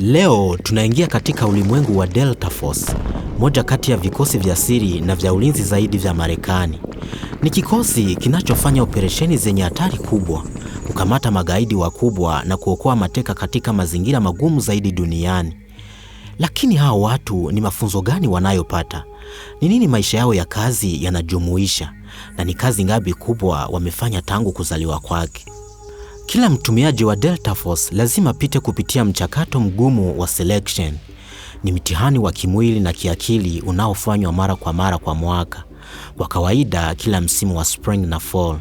Leo tunaingia katika ulimwengu wa Delta Force, moja kati ya vikosi vya siri na vya ulinzi zaidi vya Marekani. Ni kikosi kinachofanya operesheni zenye hatari kubwa, kukamata magaidi wakubwa na kuokoa mateka katika mazingira magumu zaidi duniani. Lakini hao watu ni mafunzo gani wanayopata? Ni nini maisha yao ya kazi yanajumuisha? Na ni kazi ngapi kubwa wamefanya tangu kuzaliwa kwake? Kila mtumiaji wa Delta Force lazima apite kupitia mchakato mgumu wa selection. Ni mtihani wa kimwili na kiakili unaofanywa mara kwa mara kwa mwaka, kwa kawaida kila msimu wa spring na fall.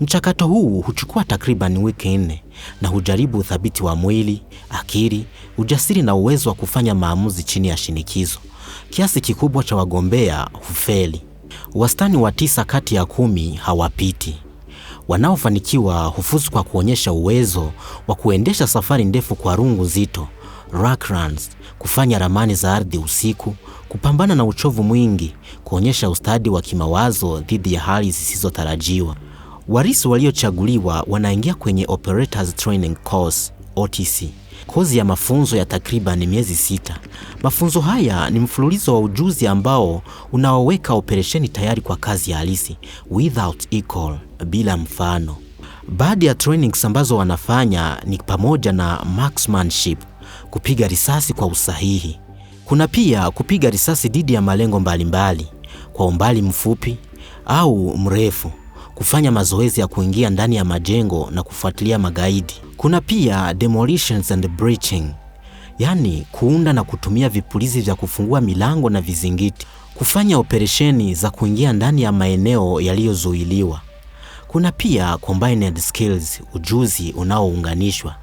Mchakato huu huchukua takriban wiki nne na hujaribu uthabiti wa mwili, akili, ujasiri na uwezo wa kufanya maamuzi chini ya shinikizo. Kiasi kikubwa cha wagombea hufeli. Wastani wa tisa kati ya kumi hawapiti. Wanaofanikiwa hufuzu kwa kuonyesha uwezo wa kuendesha safari ndefu kwa rungu nzito, rock runs, kufanya ramani za ardhi usiku, kupambana na uchovu mwingi, kuonyesha ustadi wa kimawazo dhidi ya hali zisizotarajiwa. Warisi waliochaguliwa wanaingia kwenye Operators Training Course OTC, kozi ya mafunzo ya takriban miezi sita. Mafunzo haya ni mfululizo wa ujuzi ambao unaoweka operesheni tayari kwa kazi halisi without equal bila mfano. Baadhi ya trainings ambazo wanafanya ni pamoja na marksmanship, kupiga risasi kwa usahihi. Kuna pia kupiga risasi dhidi ya malengo mbalimbali kwa umbali mfupi au mrefu, kufanya mazoezi ya kuingia ndani ya majengo na kufuatilia magaidi. Kuna pia demolitions and breaching, yaani kuunda na kutumia vipulizi vya kufungua milango na vizingiti, kufanya operesheni za kuingia ndani ya maeneo yaliyozuiliwa. Kuna pia combined skills, ujuzi unaounganishwa.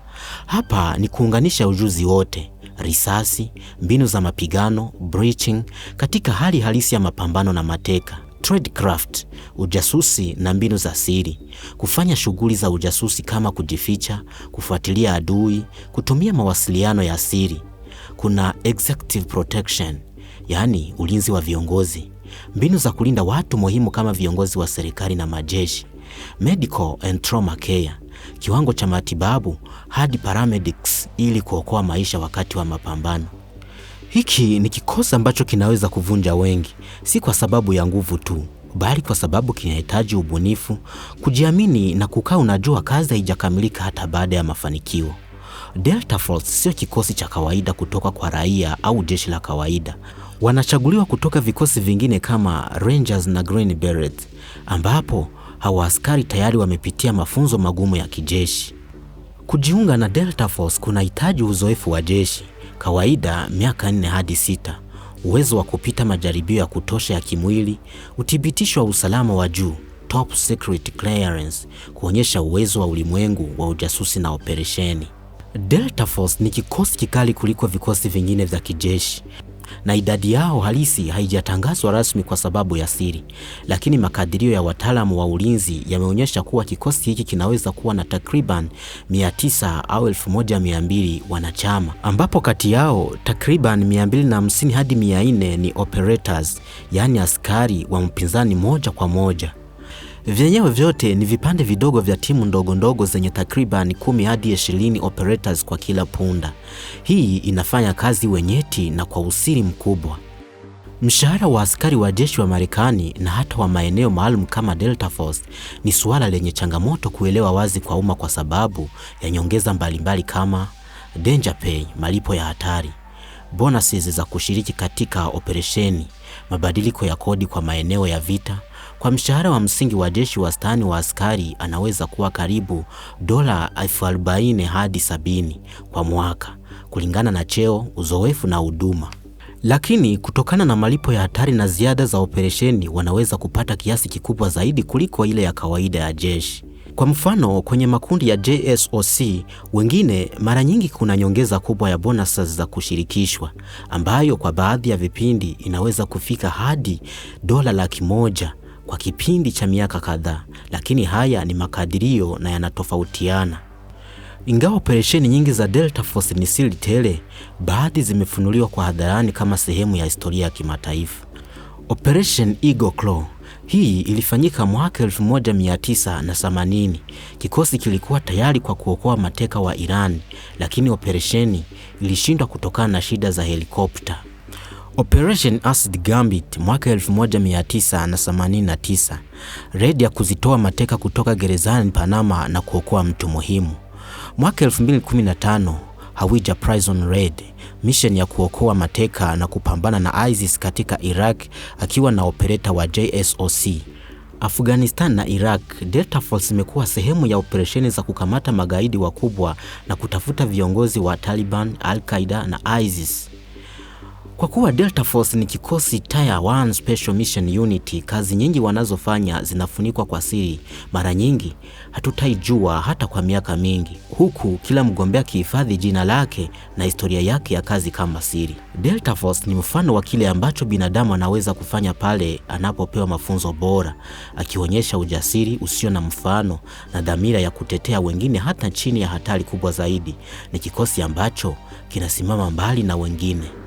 Hapa ni kuunganisha ujuzi wote risasi, mbinu za mapigano, breaching katika hali halisi ya mapambano na mateka, tradecraft, ujasusi na mbinu za siri, kufanya shughuli za ujasusi kama kujificha, kufuatilia adui, kutumia mawasiliano ya siri. Kuna executive protection, yaani ulinzi wa viongozi, mbinu za kulinda watu muhimu kama viongozi wa serikali na majeshi medical and trauma care, kiwango cha matibabu hadi paramedics ili kuokoa maisha wakati wa mapambano. Hiki ni kikosi ambacho kinaweza kuvunja wengi, si kwa sababu ya nguvu tu, bali kwa sababu kinahitaji ubunifu, kujiamini na kukaa unajua kazi haijakamilika hata baada ya mafanikio. Delta Force sio kikosi cha kawaida kutoka kwa raia au jeshi la kawaida. Wanachaguliwa kutoka vikosi vingine kama Rangers na Green Berets, ambapo hawa askari tayari wamepitia mafunzo magumu ya kijeshi. Kujiunga na Delta Force kunahitaji uzoefu wa jeshi, kawaida miaka nne hadi sita, uwezo wa kupita majaribio ya kutosha ya kimwili, uthibitisho wa usalama wa juu top secret clearance, kuonyesha uwezo wa ulimwengu wa ujasusi na operesheni. Delta Force ni kikosi kikali kuliko vikosi vingine vya kijeshi na idadi yao halisi haijatangazwa rasmi kwa sababu ya siri, lakini makadirio ya wataalamu wa ulinzi yameonyesha kuwa kikosi hiki kinaweza kuwa na takriban 900 au 1200 wanachama, ambapo kati yao takriban 250 hadi 400 ni operators, yaani askari wa mpinzani moja kwa moja. Vyenyewe vyote ni vipande vidogo vya timu ndogo ndogo zenye takriban kumi hadi ishirini operators kwa kila punda. Hii inafanya kazi wenyeti na kwa usiri mkubwa. Mshahara wa askari wa jeshi wa Marekani na hata wa maeneo maalum kama Delta Force ni suala lenye changamoto kuelewa wazi kwa umma kwa sababu ya nyongeza mbalimbali kama danger pay, malipo ya hatari, bonuses za kushiriki katika operesheni, mabadiliko ya kodi kwa maeneo ya vita kwa mshahara wa msingi wa jeshi, wastani wa askari anaweza kuwa karibu dola elfu arobaini hadi sabini kwa mwaka, kulingana na cheo, uzoefu na huduma. Lakini kutokana na malipo ya hatari na ziada za operesheni, wanaweza kupata kiasi kikubwa zaidi kuliko ile ya kawaida ya jeshi. Kwa mfano, kwenye makundi ya JSOC wengine, mara nyingi kuna nyongeza kubwa ya bonus za kushirikishwa ambayo kwa baadhi ya vipindi inaweza kufika hadi dola laki moja kwa kipindi cha miaka kadhaa, lakini haya ni makadirio na yanatofautiana. Ingawa operesheni nyingi za Delta Force ni siri tele, baadhi zimefunuliwa kwa hadharani kama sehemu ya historia ya kimataifa. Operation Eagle Claw hii ilifanyika mwaka 1980. Kikosi kilikuwa tayari kwa kuokoa mateka wa Iran, lakini operesheni ilishindwa kutokana na shida za helikopta. Operation Acid Gambit mwaka 1989, redi ya kuzitoa mateka kutoka gerezani Panama na kuokoa mtu muhimu. Mwaka 2015, Hawija Prison Raid, mission ya kuokoa mateka na kupambana na ISIS katika Iraq akiwa na opereta wa JSOC. Afghanistan na Iraq, Delta Force imekuwa sehemu ya operesheni za kukamata magaidi wakubwa na kutafuta viongozi wa Taliban, Al-Qaeda na ISIS. Kwa kuwa Delta Force ni kikosi Tier 1 Special Mission Unit, kazi nyingi wanazofanya zinafunikwa kwa siri, mara nyingi hatutaijua hata kwa miaka mingi, huku kila mgombea akihifadhi jina lake na historia yake ya kazi kama siri. Delta Force ni mfano wa kile ambacho binadamu anaweza kufanya pale anapopewa mafunzo bora, akionyesha ujasiri usio na mfano na dhamira ya kutetea wengine hata chini ya hatari kubwa zaidi. Ni kikosi ambacho kinasimama mbali na wengine.